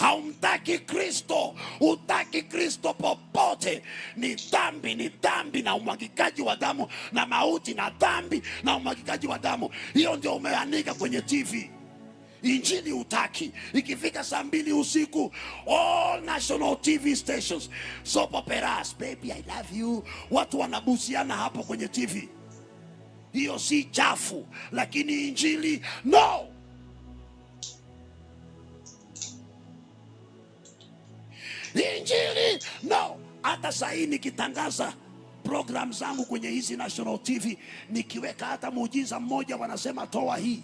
haumtaki Kristo, utaki Kristo popote, ni dhambi, ni dhambi na umwagikaji wa damu na mauti, na dhambi na umwagikaji wa damu. Hiyo ndio umeandika kwenye TV. Injili utaki. Ikifika saa mbili usiku, all national TV stations, soap operas, baby I love you, watu wanabusiana hapo kwenye TV. Hiyo si chafu, lakini injili no hata sahii nikitangaza program zangu kwenye hizi national TV, nikiweka hata muujiza mmoja, wanasema toa hii,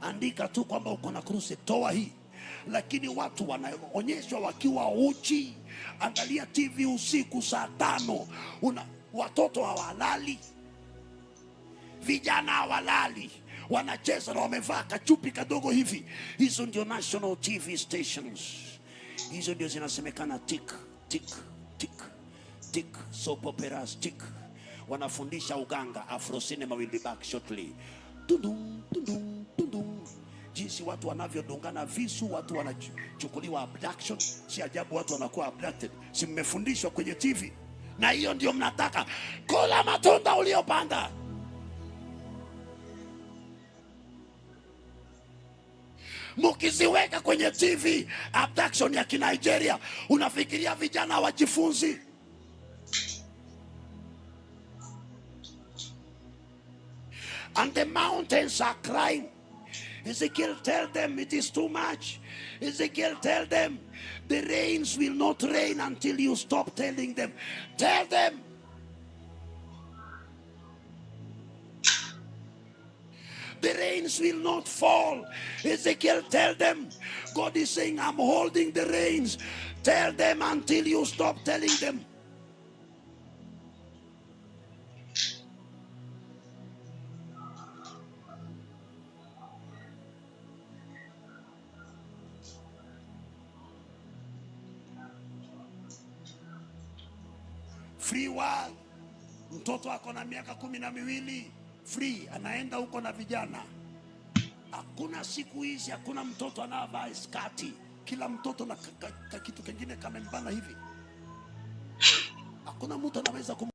andika tu kwamba uko na kruse, toa hii lakini watu wanaonyeshwa wakiwa uchi. Angalia TV usiku saa tano, una watoto hawalali, vijana hawalali, wanacheza na wamevaa kachupi kadogo hivi. Hizo ndio national TV stations, hizo ndio zinasemekana tik tik tik stick soap opera stick wanafundisha uganga. Afro cinema will be back shortly. Tudum, tudum, tudum. Jinsi watu wanavyodungana visu, watu wanachukuliwa abduction. Si ajabu watu wanakuwa abducted, si mmefundishwa kwenye TV? Na hiyo ndio mnataka. Kula matunda uliopanda. Mukiziweka kwenye TV abduction ya Kinigeria, unafikiria vijana wajifunzi? and the mountains are crying. Ezekiel, tell them it is too much. Ezekiel, tell them the rains will not rain until you stop telling them. Tell them. The rains will not fall. Ezekiel, tell them. God is saying, I'm holding the rains. Tell them until you stop telling them. free world. Mtoto ako na miaka kumi na miwili free, anaenda huko na vijana. Hakuna siku hizi, hakuna mtoto anavaa skati, kila mtoto na kitu kingine kamembana hivi, hakuna mtu anaweza kum